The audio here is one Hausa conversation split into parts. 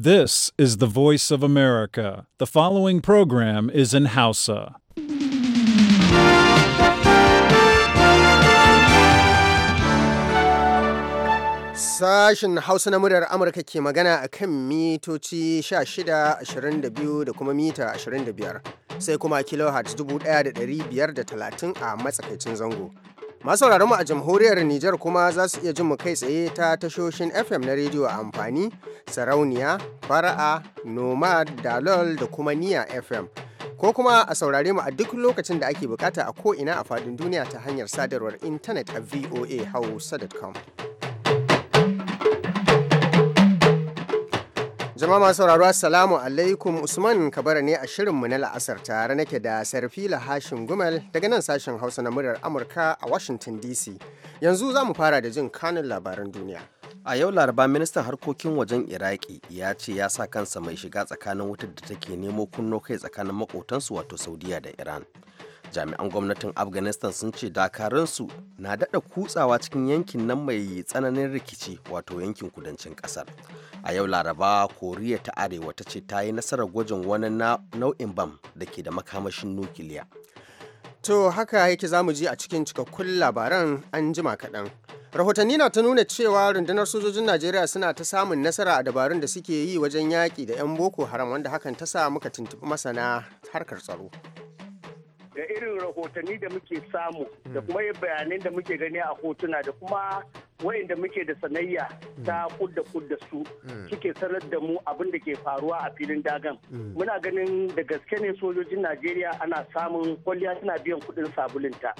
This is the voice of America. The following program is in Hausa. Sashen Hausa na muryar Amurka ke magana a kan mitoci 16, 22 da kuma mita 25, sai kuma kilohertz 1530 a matsakaicin zango. Masu mu a jamhuriyar Nijar kuma za su iya jin mu kai tsaye ta tashoshin FM na rediyo a amfani, sarauniya, fara'a, nomad, dalol da kuma niya FM. Ko kuma a saurare mu a duk lokacin da ake bukata a ko'ina a fadin duniya ta hanyar sadarwar intanet a voa hausa.com. Jama'a masu sauraro Assalamu alaikum Usman Kabara ne a shirin mu na la'asar tare nake da Sarfila hashin Gumel daga nan sashen Hausa na muryar Amurka a Washington DC. Yanzu za mu fara da jin kanun labaran duniya. A yau Laraba ministan harkokin wajen Iraki ya ce ya sa kansa mai shiga tsakanin wutar da take nemo kunno kai tsakanin makotansu wato Saudiya da Iran. jami'an gwamnatin afghanistan sun ce dakaransu na daɗa kutsawa cikin yankin nan mai tsananin rikici wato yankin kudancin ƙasar a yau laraba koriya ta arewa ta ce ta yi nasarar gwajin wani nau'in bam da ke da makamashin nukiliya to haka yake zamu ji a cikin cikakkun labaran an jima kaɗan rahotanni na ta nuna cewa rundunar sojojin najeriya suna ta samun nasara a dabarun da suke yi wajen yaƙi da 'yan boko haram wanda hakan ta sa muka tuntuɓi masana harkar tsaro da irin rahotanni da muke samu da hmm. kuma bayanan da muke gani a hotuna da kuma wayanda muke da sanayya hmm. ta kudda kudda su hmm. suke sanar da mu abin da ke faruwa a filin dagan muna ganin da gaske ne sojojin najeriya ana samun kwalliya suna biyan kudin sabulinta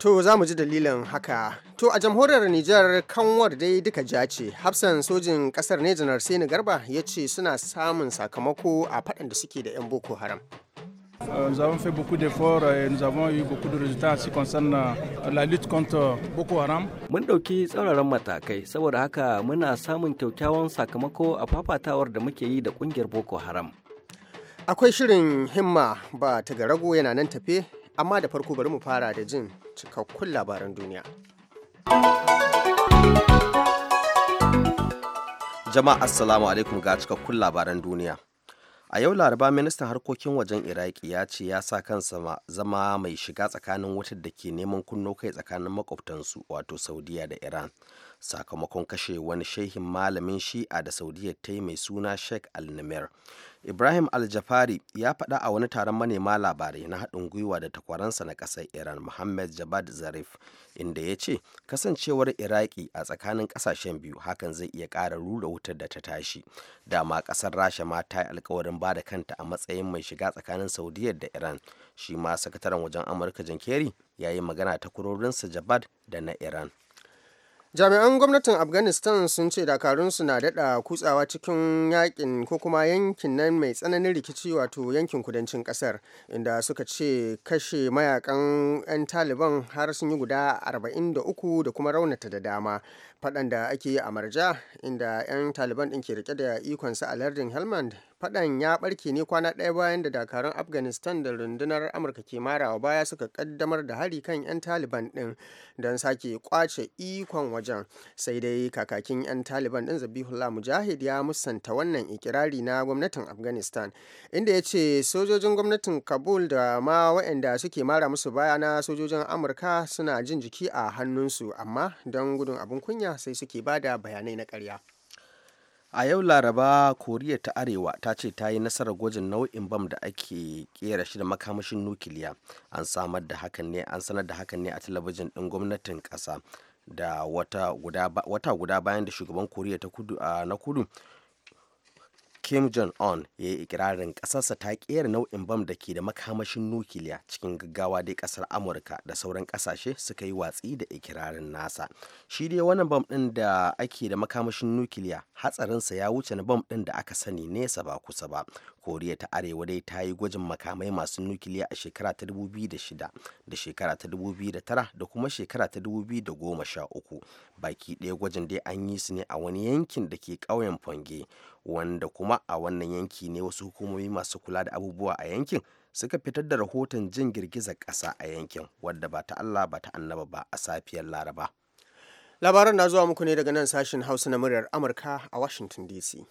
to za mu ji dalilin haka to a jamhuriyar nijar kanwar dai duka ja ce hafsan sojin kasar ne janar sani garba ya ce suna samun sakamako a faɗan da suke da 'yan boko haram Euh, nous avons fait beaucoup d'efforts et nous avons eu beaucoup de résultats en ce qui concerne euh, la lutte contre euh, Boko Haram. Mun ɗauki tsauraran matakai saboda haka muna samun kyakkyawan sakamako a fafatawar da muke yi da ƙungiyar Boko Haram. Akwai shirin himma ba ta rago yana nan tafe, amma da farko bari mu fara da jin cikakkun labaran duniya. Jama'a Assalamu alaikum ga cikakkun labaran duniya. a yau laraba ministan harkokin wajen iraki ya ce ya sa kansa zama mai shiga tsakanin wutar da ke neman kunno kai tsakanin makwabtansu wato saudiya da iran sakamakon kashe wani shehin malamin shi'a da saudiya ta yi mai suna sheikh al-namir ibrahim aljafari ya faɗa a wani taron manema labarai na haɗin gwiwa da takwaransa na ƙasar iran muhammad jabad zarif inda ya ce kasancewar iraki a tsakanin ƙasashen biyu hakan zai iya ƙara rura wutar da ta tashi dama ƙasar rasha ma ta yi alkawarin ba da kanta a matsayin mai shiga tsakanin saudiyyar da iran shi ma sakataren wajen amurka jankeri ya yi magana ta kurorinsa jabad da na iran jami'an gwamnatin afghanistan sun ce dakarun su na daɗa kutsawa cikin yakin ko kuma yankin nan mai tsananin rikici wato yankin kudancin ƙasar inda suka ce kashe mayakan 'yan taliban har sun yi guda 43 da kuma raunata da dama faɗan da ake yi a marja inda 'yan taliban ɗin ke rike da ikon su a lardin helmand faɗan ya ɓarke ne kwana ɗaya bayan da dakarun afghanistan da rundunar amurka ke marawa baya suka ƙaddamar da hari kan 'yan taliban ɗin don sake kwace ikon wajen sai dai kakakin 'yan taliban ɗin zabihullah mujahid ya musanta wannan ikirari na gwamnatin afghanistan inda ya ce sojojin gwamnatin kabul da ma waɗanda suke mara musu baya na sojojin amurka suna jin jiki a hannunsu amma don gudun abin kunya duniya sai suke ba da bayanai na karya. a yau laraba koriya ta arewa ta ce ta yi nasarar gwajin nau'in bam da ake kera shi da makamashin nukiliya an samar da hakan ne an sanar da hakan ne a talabijin din gwamnatin kasa da wata guda bayan da shugaban koriya na kudu kim jong-un ya yi ikirarin ƙasarsa ta kera nau'in bam da ke da makamashin nukiliya cikin gaggawa dai ƙasar amurka da sauran ƙasashe suka yi watsi da ikirarin nasa shi dai wannan bam ɗin da ake da makamashin nukiliya hatsarinsa ya wuce na bam ɗin da aka sani nesa ba kusa ba koriya ta arewa dai ta yi gwajin makamai masu nukiliya a shekara ta 2006 da shekara ta 2009 da kuma shekara ta 2013 baki ɗaya gwajin dai an yi su ne a wani yankin da ke ƙauyen fonge. wanda kuma a wannan yanki ne wasu hukumomi masu kula da abubuwa a yankin suka fitar da rahoton jin girgizar ƙasa a yankin wadda ba ta Allah ba ta annaba ba a safiyar Laraba. Labaran na zuwa muku ne daga nan sashen Hausa na muryar Amurka a Washington DC.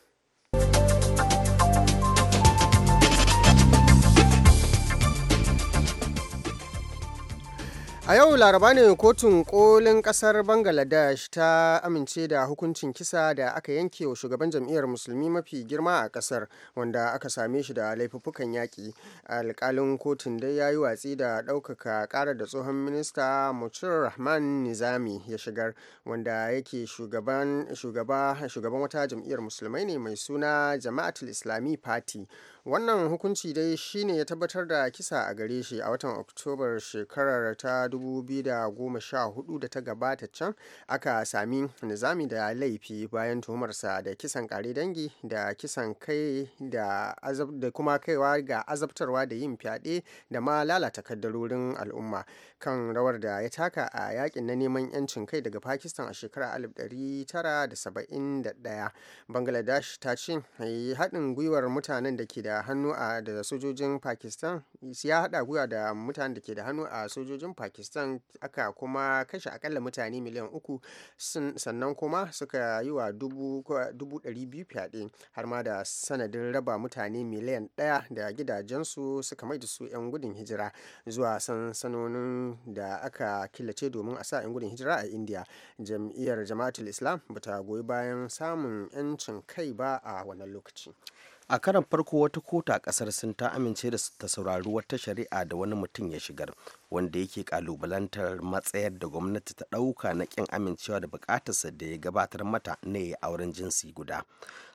a yau laraba ne kotun kolin kasar bangaladesh ta amince da hukuncin kisa da aka yanke wa shugaban jam'iyyar musulmi mafi girma a kasar wanda aka same shi da laifuffukan yaƙi alkalin kotun dai ya yi watsi da ɗaukaka ƙara da tsohon minista mutum rahman nizami ya shigar wanda yake shugaban wata jam'iyyar musulmai ne mai suna jama'atul islami party wannan hukunci dai shine ya tabbatar da kisa a gare shi a watan oktobar shekarar ta 2014 da ta gabata can aka sami nizami da laifi bayan tuhumarsa da kisan kare dangi da kisan kai da, kuma kaiwa ga azabtarwa da yin fyaɗe da ma lalata kaddarorin al'umma kan rawar da ya taka a yakin na neman yancin kai daga pakistan a shekarar 1971 bangladesh ta ce haɗin gwiwar mutanen da ke da hannu a da sojojin pakistan ya hada gwiwa da mutanen da ke da hannu a sojojin pakistan aka kuma kashe akalla mutane miliyan uku sannan kuma suka yi wa dubu dari biyu fyaɗe har ma da sanadin raba mutane miliyan ɗaya da gidajensu suka mai da su 'yan gudun hijira zuwa sansanonin da aka killace domin a sa 'yan gudun hijira a india jam'iyyar jama'atul islam bata goyi bayan samun 'yancin kai ba a wannan lokaci a karan farko wata kota a kasar sun ta amince da ta saurari wata shari'a da wani mutum ya shigar wanda yake kalubalantar matsayar da gwamnati ta dauka na kin amincewa da bukatarsa da ya gabatar mata na ya auren jinsi guda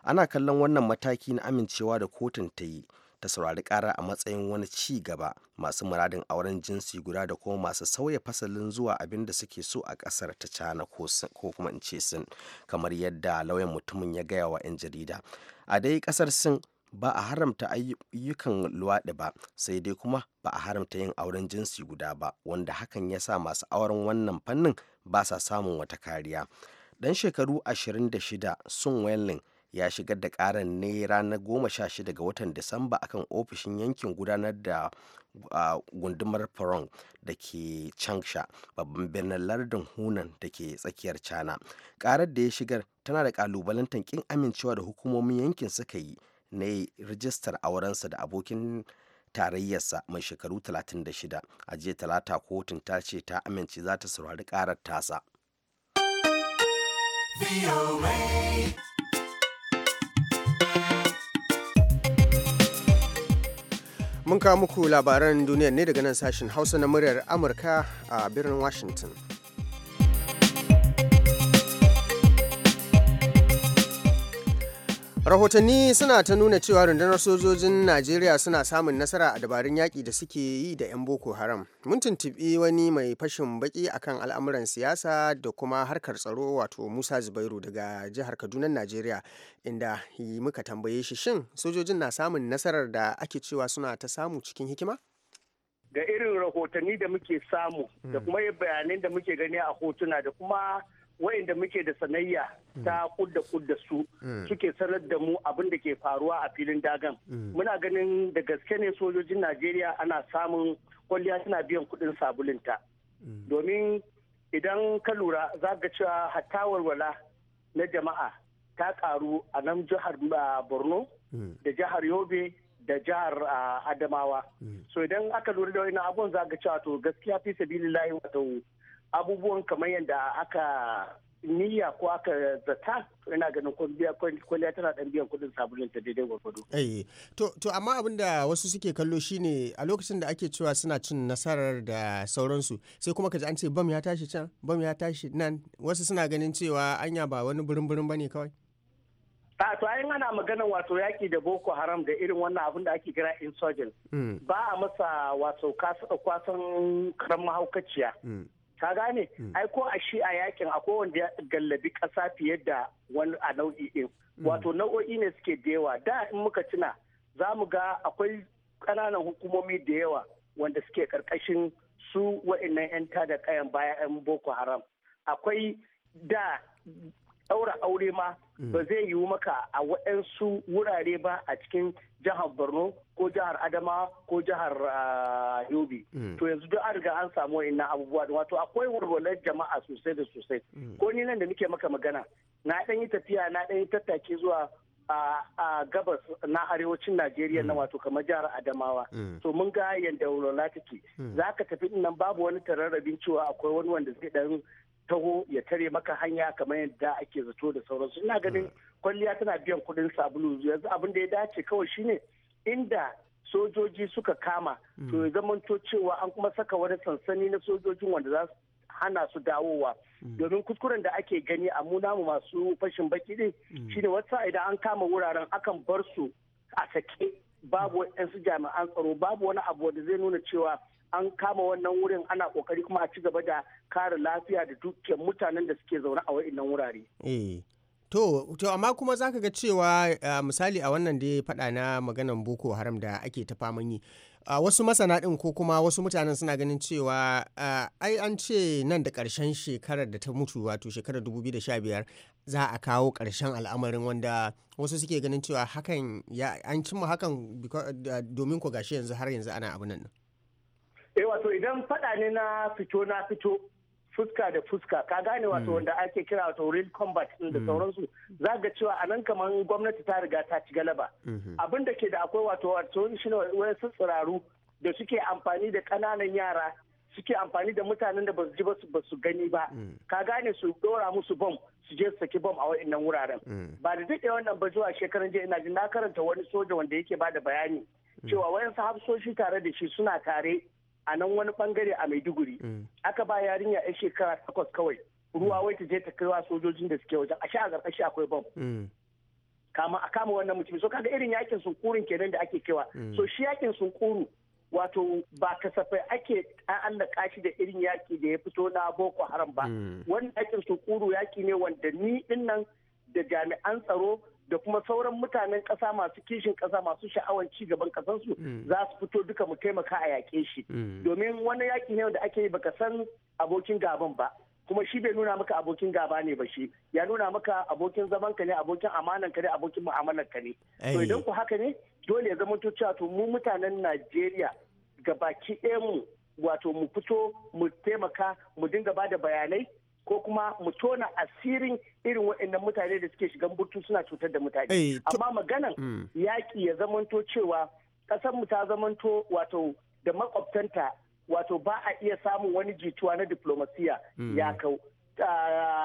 ana kallon wannan mataki na amincewa da kotun ta yi ta saurari kara a matsayin wani ci gaba masu muradin auren jinsi guda da kuma masu sauya fasalin zuwa abin da suke so a kasar ta cana ko kuma in ce sin kamar yadda lauyan mutumin ya gaya wa 'yan jarida a dai kasar sin ba a haramta ayyukan luwaɗi ba sai dai kuma ba a haramta yin auren jinsi guda ba wanda hakan ya sa masu auren wannan fannin ba sa samun wata kariya ɗan shekaru 26 sun welling ya shigar da karan ne ranar 16 ga watan disamba akan ofishin yankin gudanar da a gundumar Farong da ke Changsha babban birnin lardin Hunan da ke tsakiyar China. Karar da ya shigar tana da kalubalen tankin amincewa da hukumomin yankin suka yi na rijistar a aurensa da abokin tarayyarsa mai shekaru 36 a jiya talata kotun ta ce ta amince za ta saurari karar tasa. VOA. mun kawo muku labaran duniyar ne daga nan sashen hausa na muryar amurka a birnin washington rahotanni suna ta nuna cewa rundunar sojojin najeriya suna samun nasara a dabarun yaƙi da suke yi da 'yan boko haram mun tuntuɓi wani mai fashin baƙi akan al'amuran siyasa da kuma harkar tsaro wato musa zubairu daga jihar kaduna najeriya inda muka tambaye shi shin sojojin na samun nasarar da ake cewa suna ta samu cikin hikima ga irin rahotanni da muke samu da hmm. kuma bayanan da muke gani a hotuna da kuma wayanda muke da sanayya ta kudda kudda su mm. suke sanar da mu abin da ke faruwa a filin dagan mm. muna ganin da gaske ne sojojin najeriya ana samun kwalliya tana biyan kudin sabulinta mm. domin idan ka lura za ga cewa hatta walwala na jama'a ta karu a nan jihar ah, borno da jihar yobe da jihar ah, adamawa so idan aka lura da wani abun za ga cewa to gaskiya fi sabilillahi wato abubuwan kamar yadda aka niyya ko aka zata ina ganin kwalliya tana dan biyan kuɗin sabulun ta daidai gwargwado. Eh to to amma abin da wasu suke kallo shine a lokacin da ake cewa suna cin nasarar da sauransu sai kuma kaji an ce bam ya tashi can bam ya tashi nan wasu suna ganin cewa anya ba wani burin burin bane kawai. a to ayin ana maganar wato yaki da boko haram da irin wannan abin da ake kira insurgent hmm. ba a masa wato kwasan karan mahaukaciya hmm. ka gane hmm. ai ko a shi a yakin a kowanne ya gallabi ƙasa fiye da wani a nau'i ɗin hmm. wato nau'o'i ne suke da yawa da in muka tuna za mu ga akwai ƙananan hukumomi da yawa wanda suke ƙarƙashin su wa'annan 'yan tada kayan baya 'yan boko haram akwai da ɗaura aure ma hmm. ba zai yiwu maka a waɗansu wurare ba a cikin jihar borno ko jihar adama ko jihar ah, yobe mm. to yanzu duk an riga an samu wa'annan abubuwa wato akwai walwalar jama'a sosai da sosai mm. ko ni nan da nake maka magana na ɗan yi tafiya na ɗan yi tattaki zuwa a gabas na arewacin najeriya mm. na wato kamar jihar adamawa to mun ga yadda walwala take za ka tafi nan babu wani tararrabin cewa akwai wani wanda zai ɗan taho ya tare maka hanya kamar yadda ake zato da sauransu ina ganin kwalliya tana biyan kuɗin sabulu yanzu abin da ya dace kawai shine inda sojoji suka kama hmm. to ya zamanto cewa an kuma saka wani sansani na sojojin wanda za su hana su dawowa hmm. domin kuskuren da ake gani a muna mu masu fashin baki din hmm. shine wata idan an kama wuraren akan bar su a sake babu su jami'an tsaro babu wani abu da zai nuna cewa an kama wannan wurin ana kokari kuma a ci gaba da kare lafiya da dukiyar mutanen da suke zaune a wa'annan wurare. Eh, To, to amma kuma za ka ga cewa misali a wannan da faɗa na maganan Boko Haram da ake ta faman yi. Uh, wasu masana ɗin ko kuma wasu mutanen suna ganin cewa uh, ai an ce nan da ƙarshen shekarar da ta mutu wato shekarar 2015 za a kawo ƙarshen al'amarin wanda wasu suke ganin cewa hakan ya an cimma hakan domin ko gashi yanzu har yanzu ana abin nan. Eh wato idan faɗa ne na fito na fito fuska da fuska ka gane wato mm. wanda ake kira wato real combat din da mm. sauransu za ga cewa a nan kamar gwamnati ta riga ta ci galaba mm-hmm. abin da ke da akwai wato wato shi ne wasu tsiraru da suke amfani da ƙananan yara suke amfani da mutanen da ba su ji ba su gani ba mm. ka gane su dora musu bom su je su saki bom a wa'annan wuraren ba da duk wannan ba zuwa shekaran jiya ina jin na karanta wani soja wanda yake bada bayani cewa wayansu hafsoshi tare da shi suna tare a nan wani bangare a maiduguri mm. aka ba yarinya yan shekara takwas kawai ruwa wai ta je ta kaiwa sojojin da suke wajen a sha a ƙarƙashi akwai bam mm. kama a kama wannan mutum so kaga irin yakin sunkurin kenan da ake kaiwa mm. so shi yakin sunkuru wato ba kasafai ake an allaka shi da irin yaki da ya fito na boko haram ba wannan yakin sunkuru yaki ne wanda ni dinnan da jami'an tsaro da kuma sauran mutanen kasa masu kishin ƙasa masu sha'awar ci gaban ƙasansu mm. za su fito duka mu taimaka a yaƙe shi mm. domin wani yaƙi ne da ake yi baka san abokin gaban ba kuma shi bai nuna maka abokin gaba ne ba shi ya nuna maka abokin zaman ka ne abokin amanan ka ne abokin mu'amalar ka ne to idan ku haka ne dole ya zama cewa to mu mutanen Najeriya ga baki ɗayan mu wato mu fito mu taimaka mu dinga bada bayanai ko kuma mu tona asirin irin waɗannan mutane da suke shigan burtu suna cutar da mutane eh, amma maganan mm. yaƙi ya zamanto cewa ƙasar mu ta zamanto wato da makwabtanta wato ba a iya samun wani jituwa na diplomasiya mm. ya kau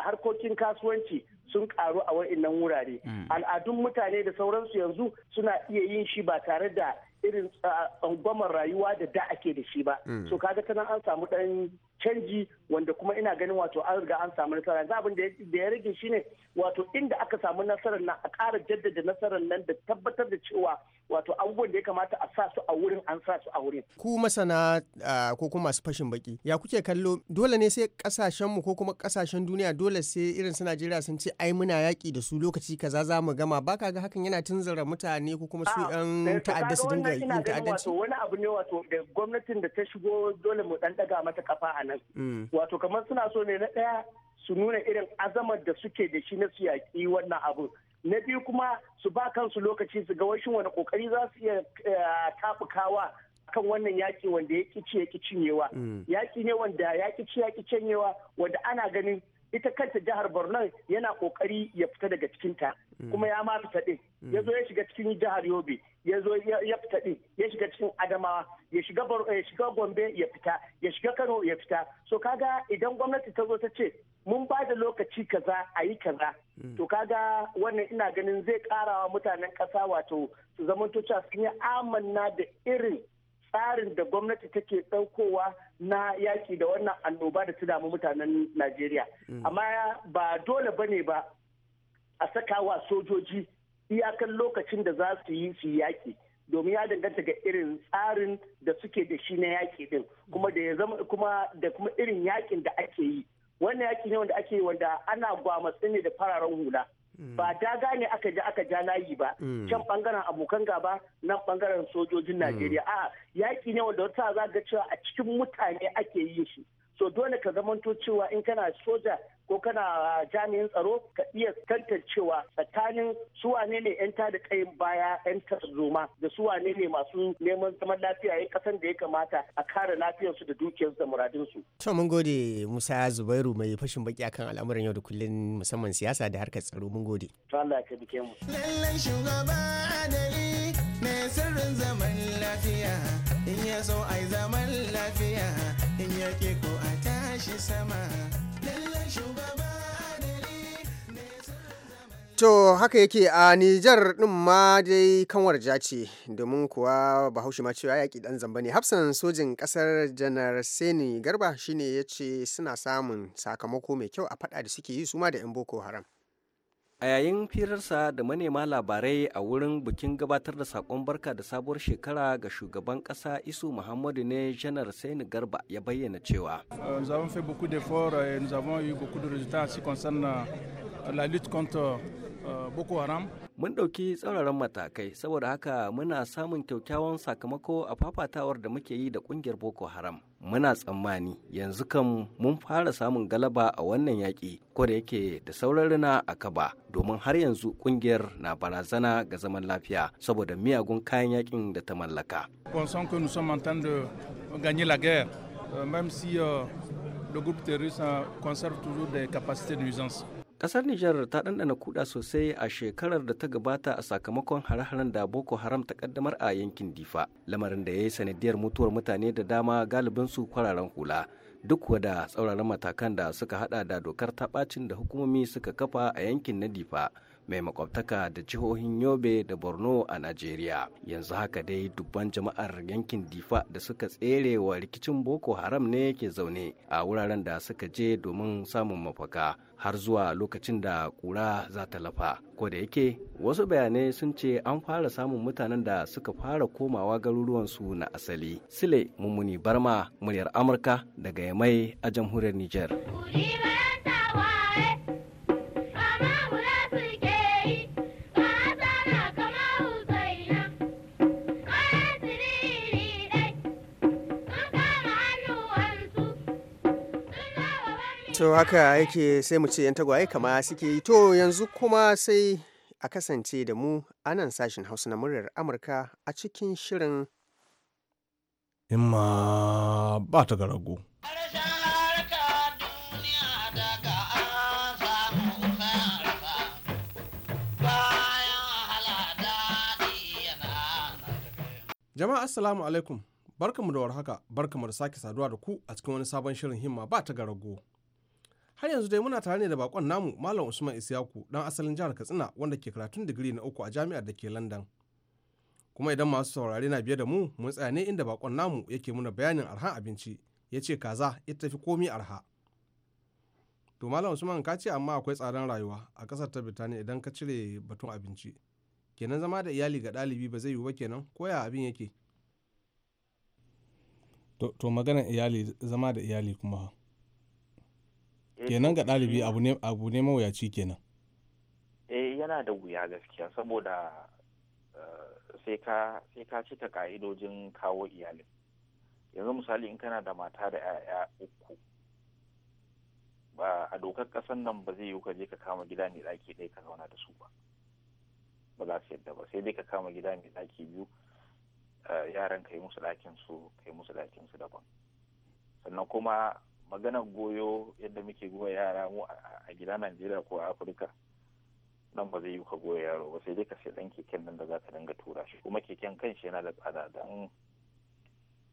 harkokin kasuwanci sun karu a wa'annan wurare mm. al'adun mutane da sauransu yanzu suna iya yin shi ba tare da irin tsangwamar rayuwa da da ake da shi ba so kaga ta an samu ɗan. canji wanda kuma ina ganin wato an riga an samu nasara yanzu abin da ya rage shine wato inda aka samu nasarar nan a ƙara jaddada nasarar nan da tabbatar da cewa wato abubuwan da ya kamata a sa su a wurin an sa su a wurin ku masana ko kuma masu fashin baki ya kuke kallo dole ne sai kasashen mu ko kuma kasashen duniya dole sai irin su Najeriya sun ce ai muna yaƙi da su lokaci kaza za mu gama baka ga hakan yana tunzura mutane ko kuma su yan ta'adda su dinga yin ta'addanci wani abu ne wato da gwamnatin da ta shigo dole mu ɗan ɗaga mata kafa a nan mm. wato kamar suna so ne na ɗaya su nuna irin azamar da suke da shi na su yaƙi wannan abu na biyu kuma su ba kansu lokaci su ga washin wani kokari za su iya eh, tafukawa kan wannan yaƙi wanda ya ci ya cinyewa mm. yaƙi ne wanda ya ci ya cinyewa wanda ana ganin ita kanta jihar borno yana kokari ya fita daga cikinta mm. kuma ya ma fita din mm. ya zo ya shiga cikin jihar yobe ya zo ya fita din ya shiga cikin adamawa ya shiga ya shiga gombe ya fita ya shiga kano ya fita so kaga idan gwamnati ta zo ta ce mun ba da lokaci kaza a yi kaza mm. to kaga wannan ina ganin zai karawa mutanen kasa wato su zamanto cewa sun yi amanna da irin tsarin da gwamnati take ɗaukowa na yaki da wannan annoba da ta damu mutanen Najeriya. Mm. Amma ba dole ba ne ba a saka wa sojoji iyakan lokacin da za su yi su yaki. domin ya danganta ga irin tsarin da suke da shi na yaƙi din kuma da ya zama kuma da kuma irin yaƙin da ake yi wannan yaƙi ne wanda ake yi wanda ana gwamatsi ne da fararen hula ba ta gane aka ji aka ja layi ba mm. can bangaren abokan gaba nan bangaren sojojin mm. Najeriya a yaki ne wanda wata za ga cewa a cikin mutane ake yin shi so dole ka zamanto cewa in kana soja ko kana jami'in tsaro ka iya tantancewa tsakanin su wanene ne 'yan tada kayan baya 'yan tarzoma da su wane ne masu neman zaman lafiya ya kasan da ya kamata a kare lafiyarsu da dukiyarsu da muradinsu. To mun gode Musa Zubairu mai fashin baki akan al'amuran yau da kullun musamman siyasa da harkar tsaro mun gode. To Allah ya bike mu. Lallan shugaba adali mai sirrin zaman lafiya in ya so ai zaman lafiya in ya ke ko a tashi sama. To haka yake a Nijar ɗin ma dai kanwar ce domin kuwa bahaushe ma cewa yaƙi ɗan zamba ne. Hafsan sojin ƙasar janar Seni Garba shine ya ce suna samun sakamako mai kyau a faɗa da suke yi su ma da 'yan Boko Haram. a yayin firarsa da manema labarai a wurin bikin gabatar da sakon barka da sabuwar shekara ga shugaban kasa isu muhammadu ne janar saini garba ya bayyana cewa euh, nous avons fait beaucoup d'efforts et nous avons eu beaucoup de résultats en ce qui concerne euh, la lutte contre Eh, boko haram mun ɗauki tsauraran matakai saboda haka muna samun kyakkyawan sakamako a fafatawar da muke yi da ƙungiyar boko haram muna tsammani yanzu kan mun fara samun galaba a wannan yaƙi ko da yake da sauran a kaba domin har yanzu ƙungiyar na barazana ga zaman lafiya saboda miyagun kayan yaƙin da ta mallaka. Euh, même si euh, le groupe terroriste conserve toujours des capacités de nuisance. kasar Nijar ta ɗanɗana kuɗa sosai a shekarar da ta gabata a sakamakon hare-haren da Boko Haram ta ƙaddamar a yankin Difa, lamarin da ya yi sanadiyar mutuwar mutane da dama galibin su kwararen hula. Duk wada tsauraran matakan da suka hada da dokar ta taɓacin da hukumomi suka kafa a yankin na Difa, mai makwabtaka da jihohin Yobe da Borno a Najeriya. Yanzu haka dai dubban jama'ar yankin Difa da suka tsere wa rikicin Boko Haram ne ke zaune a wuraren da suka je domin samun mafaka. har zuwa lokacin da kura za ta lafa ko da yake wasu bayanai sun ce an fara samun mutanen da suka fara komawa garuruwansu na asali sile mummuni barma muryar amurka daga yamai a jamhuriyar niger to haka yake sai mu ce 'yan tagwaye kama suke yi to yanzu kuma sai a kasance da mu anan sashen hausa na muryar amurka a cikin shirin imma ba ta garago jama'a assalamu alaikum barkamu da warhaka barkamu da sake saduwa da ku a cikin wani sabon shirin himma ba ta garago har yanzu dai muna tare ne da bakon namu malam usman isyaku dan asalin jihar katsina wanda ke karatun digiri na uku a jami'ar da ke london kuma idan masu saurare na biye da mu mun tsaya ne inda bakon namu yake muna bayanin arhan abinci ya ce kaza ya tafi komi arha to malam usman ka ce amma akwai tsadan rayuwa a kasar ta birtaniya idan ka cire batun abinci kenan zama da iyali ga ɗalibi ba zai yiwu ba kenan ko ya abin yake to, to maganar iyali zama da iyali kuma Eh, kenan ga ɗalibi abu ne mawuyaci kenan eh yana da wuya gaskiya saboda eh, sai ka cika ka'idojin kawo iyalin yanzu misali in kana da mata da 'ya'ya uku ba a dokar kasan nan ba zai yi ka je ka kama gida mai ɗaki ɗaya ka zauna da su ba ba za su yadda ba sai dai ka kama gida mai ɗaki biyu eh, yaran ka yi musu ɗakin musu ɗakin su daban sannan kuma maganar goyo yadda muke goya yara mu a gida najeriya ko a afirka nan ba zai yi ka goya yaro ba sai dai ka sai dan keken nan da za ka dinga tura shi kuma keken kanshi yana da tsada dan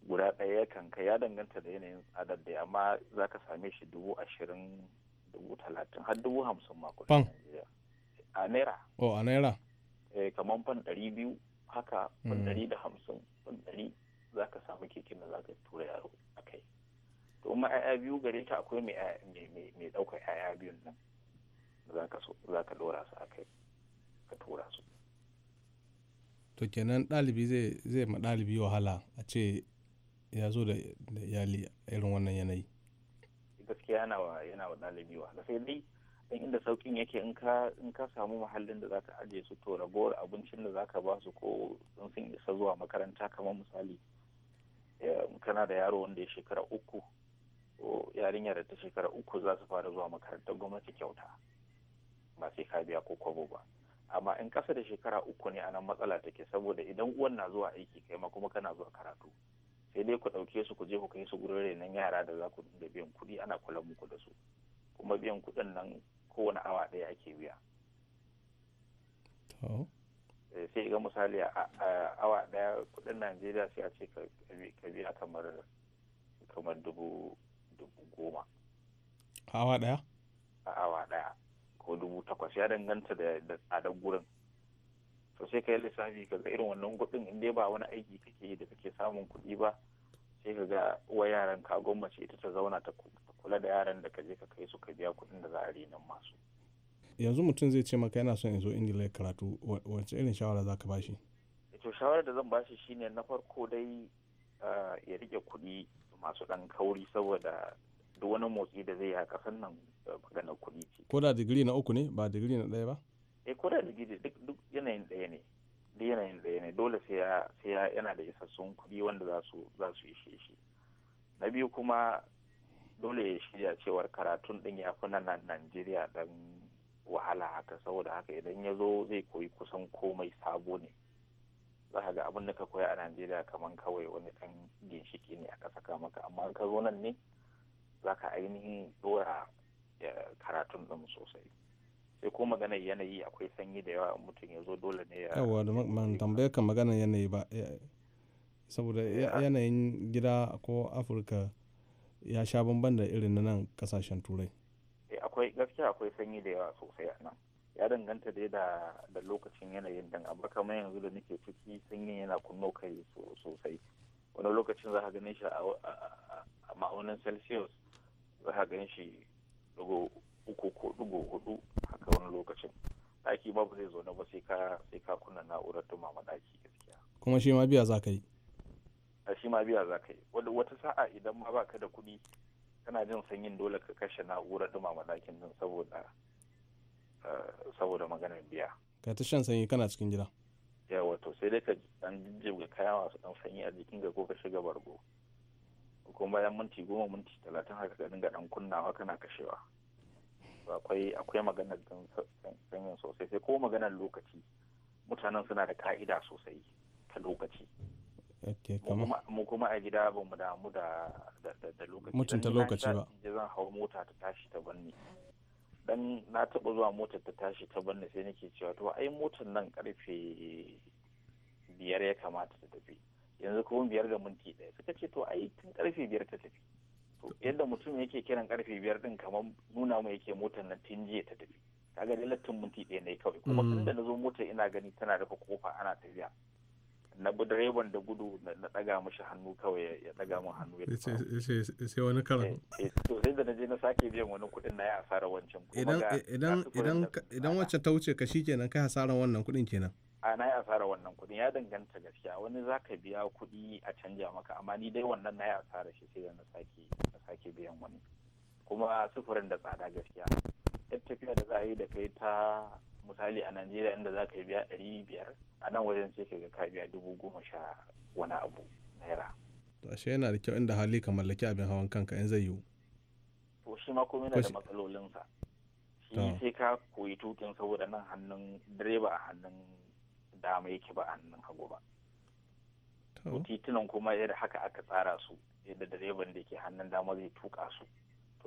guda ɗaya ya kanka ya danganta da yanayin tsadar da amma za ka same shi dubu ashirin dubu talatin har dubu hamsin ma kuma a naira oh a naira eh kamar fan ɗari biyu haka fan mm. ɗari da hamsin fan ɗari za ka samu keken da za ka tura yaro a kai kuma 'ya'ya biyu gare ta akwai mai ɗaukar 'ya'ya biyun nan za ka ɗora su a kai ka tura su to kenan ɗalibi zai ma ɗalibi wahala a ce ya zo da iyali irin wannan yanayi gaskiya yana wa yana wa ɗalibi wahala sai dai in inda saukin yake in ka in ka samu muhallin da zaka ajiye su to ragowar abincin da zaka ba su ko in sun isa zuwa makaranta kamar misali eh, kana da yaro wanda ya shekara uku yarinyar da ta shekara uku za su fara zuwa makarantar gwamnati kyauta ba sai ka biya ko kwabo ba amma in kasa da shekara uku ne anan matsala take saboda idan uwan na zuwa aiki kai ma kuma kana zuwa karatu sai dai ku ɗauke su ku je ku kai su gurin renon yara da za ku dinga biyan kuɗi ana kula muku da su kuma biyan kuɗin nan kowane awa ɗaya ake biya. Eh, sai ga misali a awa ɗaya kuɗin najeriya sai a ce ka biya kamar dubu dubu goma a awa daya a ko dubu takwas ya danganta da tsadar gurin to sai ka yi lissafi ka ga irin wannan kuɗin in dai ba wani aiki kake yi da kake samun kuɗi ba sai ka ga uwa yaran ka gwammace ita ta zauna ta kula da yaran da ka je ka kai su ka biya kuɗin da za a masu yanzu mutum zai ce maka yana son ya zo ingila ya karatu wacce irin shawara za ka bashi to shawarar da zan bashi shine na farko dai ah, ya rike kuɗi masu dan kauri saboda duk wani motsi da zai yi a kasan nan eh, magana kuɗi ce. Ko da digiri na uku ne ba digiri na ɗaya ba? Eh ko da digiri duk yanayin ɗaya ne. Duk yanayin ɗaya ne dole sai ya sai ya yana da isassun kuɗi wanda za su za su ishe shi. Na biyu kuma dole ya shirya cewar karatun ɗin ya fi na Najeriya dan wahala haka saboda haka idan ya zo zai koyi kusan komai sabo ne. za ka ga abin da ka koya a najeriya kamar kawai wani ɗan ginshiki ne aka saka maka amma ka zo nan ne za ka ainihin dora karatun mu sosai sai ko maganar yanayi akwai sanyi da yawa mutum ya zo dole ne ya yawa da man tambayar kan maganar yanayi ba saboda yanayin gida ko afirka ya sha bamban da irin na nan kasashen turai eh, akwai gaskiya akwai sanyi da yawa sosai a nan ya danganta dai da lokacin yanayin dan abu kamar yanzu da nake ciki sanyin yana kunno kai sosai wani lokacin za ka ganin shi a ma'aunin celsius za ka ganin shi dugo uku ko dugo hudu haka wani lokacin ɗaki babu zai na ba sai ka sai ka kunna na'urar dumama ɗaki gaskiya kuma shi ma biya za ka yi a shi ma biya za ka yi wata sa'a idan ma baka da kuɗi kana jin sanyin dole ka kashe na'urar ma ɗakin nan saboda saboda maganar biya ka ta shan sanyi kana cikin gida Ya wato sai dai ka dan jijjiga kaya masu dan sanyi a jikin ga ko ka shiga bargo kuma bayan minti goma minti talatin haka ka dinga dan kunnawa kana kashewa akwai akwai maganar sanyin sosai sai ko maganar lokaci mutanen suna da ka'ida sosai ta lokaci mu kuma a gida ba mu damu da lokaci mutunta lokaci ba zan hau mota ta tashi ta banne. dan na taɓa zuwa motar ta tashi ta banna sai nake cewa to ai motar nan karfe biyar ya kamata ta tafi yanzu kuma biyar da minti ɗaya suka ce to ai tun karfe biyar ta tafi to yadda mutum yake kiran karfe biyar din kamar nuna mu yake motar nan tun jiya ta tafi kaga da minti ɗaya ne kawai kuma mm. tun nazo na motar ina gani tana rufe kofa ana tafiya na bi direban da gudu na daga mashi hannu kawai ya daga mu hannu ya sai wani karan eh, eh, to sai da na je na sake biyan wani kudin na ya asara wancan idan idan idan idan wacce ta wuce ka shikenan kai asara wannan kuɗin kenan a na yi asara wannan kuɗin ya danganta gaskiya wani za ka biya kuɗi a canja maka amma ni dai wannan na yi asara shi sai da na sake na sake biyan wani kuma sufurin da tsada gaskiya yadda tafiya da za a yi da kai ta misali a najeriya inda za ka biya ɗari biyar a nan wajen sai ka ka biya dubu goma sha wani abu naira to ashe yana da kyau inda hali ka mallaki abin hawan kanka in zai yiwu to shi ma komai na da matsalolinsa shi sai ka koyi tukin saboda nan hannun direba a hannun dama yake ba a hannun hagu ba titunan kuma yadda haka aka tsara su yadda direban da ke hannun dama zai tuka su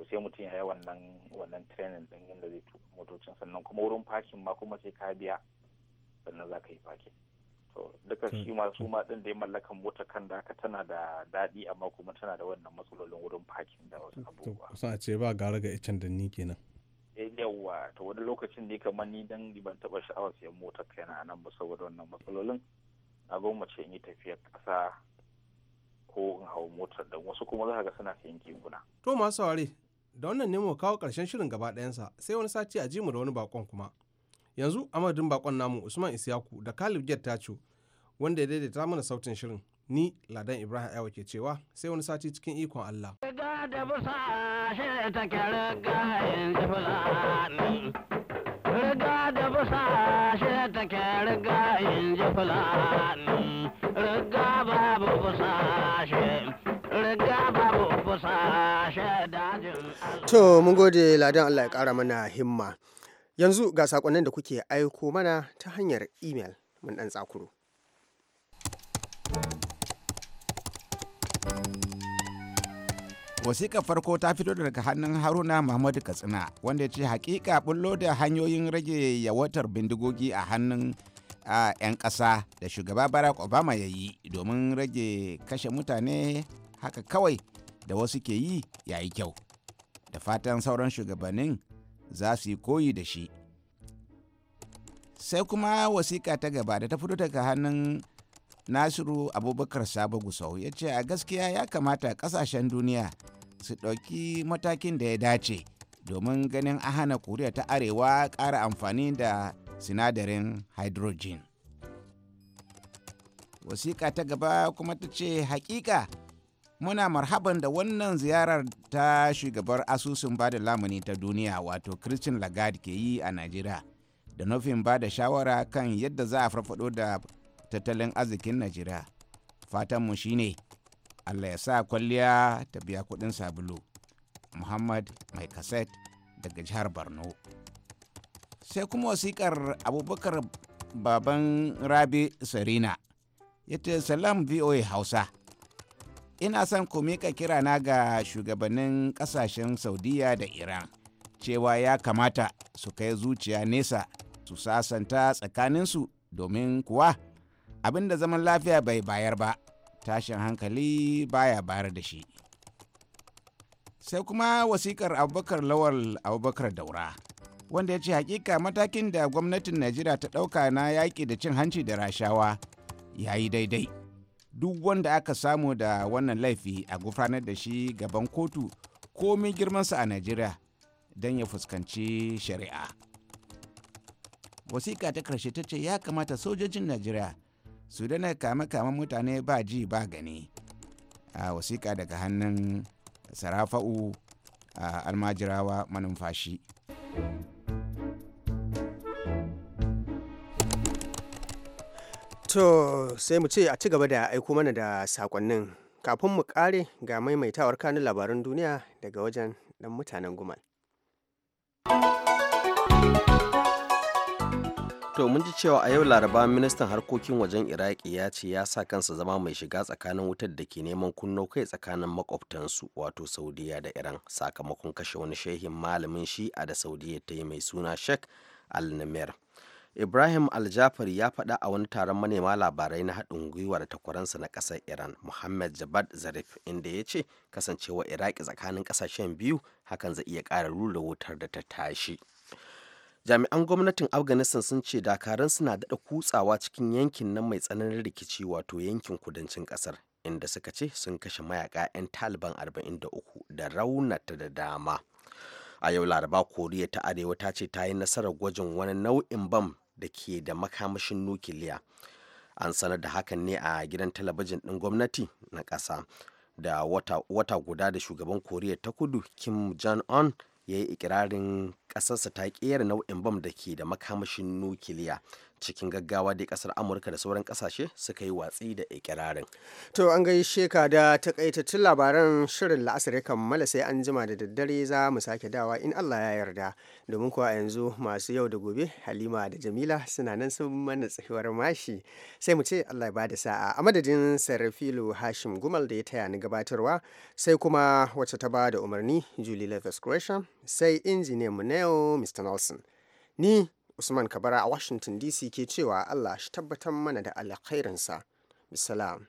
to sai mutum ya yi wannan wannan training din yadda zai tuka motocin sannan kuma wurin parking ma kuma sai ka biya sannan za ka yi parking to duka hmm. shi ma su ma din da ya mallakan mota kan da haka tana da daɗi amma kuma tana da wannan matsalolin wurin parking da wasu abubuwa kusan a ce ba gara ga icen da ni kenan eh, yawa to wani lokacin ne kamar ni dan ban taɓa sha'awar siyan mota kaina a nan ba saboda wannan matsalolin na goma ce in yi tafiyar ƙasa ko in hau motar da wasu kuma za ga suna sayan kinguna. To masu da wannan ne mu kawo ƙarshen shirin gaba ɗayansa sai wani sati a ji da wani bakon kuma yanzu amadin bakon namu usman isyaku da kalib jet tacho wanda ya daidaita mana sautin shirin ni ladan ibrahim ayawa ke cewa sai wani sati cikin ikon allah riga da babu riga babu daji To mun gode ladan Allah ya ƙara mana himma. Yanzu ga sakonnin da kuke aiko mana ta hanyar email mun ɗan tsakuro. Wasiƙar farko ta fito daga hannun haruna muhammadu katsina wanda ce haƙiƙa bullo da hanyoyin rage yawatar bindigogi a hannun yan ƙasa da shugaba barack obama ya yi domin rage kashe mutane haka kawai da wasu ke yi yayi kyau da fatan sauran shugabannin za su yi koyi da shi sai kuma wasiƙa ta gaba da ta fito daga hannun nasiru abubakar sabo gusau ya ce a gaskiya ya kamata ƙasashen duniya su ɗauki matakin da ya dace domin ganin a hana koriya ta arewa ƙara amfani da sinadarin hydrogen wasiƙa ta gaba kuma ta ce hakika muna marhaban da wannan ziyarar ta shugabar asusun bada lamuni ta duniya wato christian lagarde ke yi a najeriya da nufin ba da shawara kan yadda za a farfado da tattalin arzikin najeriya fatanmu shine allah ya sa kwalliya ta biya kudin sabulu muhammad mai kaset daga jihar borno sai kuma wasikar abubakar baban rabi sarina ya ce salam voa hausa ina son ku mika kirana ga shugabannin ƙasashen saudiya da iran cewa ya kamata su kai zuciya nesa su sasanta tsakaninsu domin kuwa abin da zaman lafiya bai bayar ba tashin hankali baya bayar da shi sai kuma wasikar abubakar lawal abubakar daura wanda ya ce hakika matakin da gwamnatin najeriya ta ɗauka na yaƙi da cin hanci da rashawa ya yi daidai duk wanda aka samu da wannan laifi a gufanar da shi gaban kotu komi girmansa a najeriya don ya fuskanci shari'a wasiƙa ta ƙarshe ta ce ya kamata sojojin najeriya su dana kama-kama mutane ba ji ba gani a wasiƙa daga hannun sarafa'u a almajirawa manumfashi To sai mu ce a ci gaba da aiko mana da sakonnin kafin mu kare ga maimaitawar kanun labaran duniya daga wajen dan mutanen gumal. To mun ji cewa a yau laraba ministan harkokin wajen Iraki ya ce ya sa kansa zama mai shiga tsakanin wutar da ke neman kunno kai tsakanin makwabtansu wato Saudiya da Iran sakamakon kashe wani shehin malamin shi a da Saudiya ta yi mai suna Sheikh Al-Namir. ibrahim aljafar ya faɗa a wani taron manema labarai na haɗin gwiwa da takwaransa na ƙasar iran muhammad jabad zarif inda ya ce kasancewa iraki tsakanin ƙasashen biyu hakan zai iya ƙara rura wutar da ta tashi jami'an gwamnatin afghanistan sun ce dakaran suna daɗa kutsawa cikin yankin nan mai tsananin rikici wato yankin kudancin ƙasar inda suka ce sun kashe mayaka 'yan taliban 43 da raunata da dama a yau laraba koriya ta arewa ta ce ta yi nasarar gwajin wani nau'in bam da ke da makamashin nukiliya an sanar da hakan ne a gidan talabijin ɗin gwamnati na ƙasa da wata, guda da shugaban koriya ta kudu kim jong-un ya yi ikirarin ƙasarsa ta ƙera nau'in bam da ke da makamashin nukiliya cikin gaggawa dai kasar amurka da sauran kasashe suka yi watsi da ikirarin to an gaishe ka da takaitattun labaran shirin la'asar ya kammala sai an jima da daddare za mu sake dawa in allah ya yarda domin kuwa yanzu masu yau da gobe halima da jamila suna nan sun mana tsakiwar mashi sai mu ce allah ya bada sa'a a madadin sarrafilu hashim gumal da ya taya ni gabatarwa sai kuma wacce ta ba da umarni julie levis sai injiniyan mu neo mr nelson ni Usman Kabara a Washington DC ke cewa Allah shi tabbatar mana da alkhairinsa. Bisalam.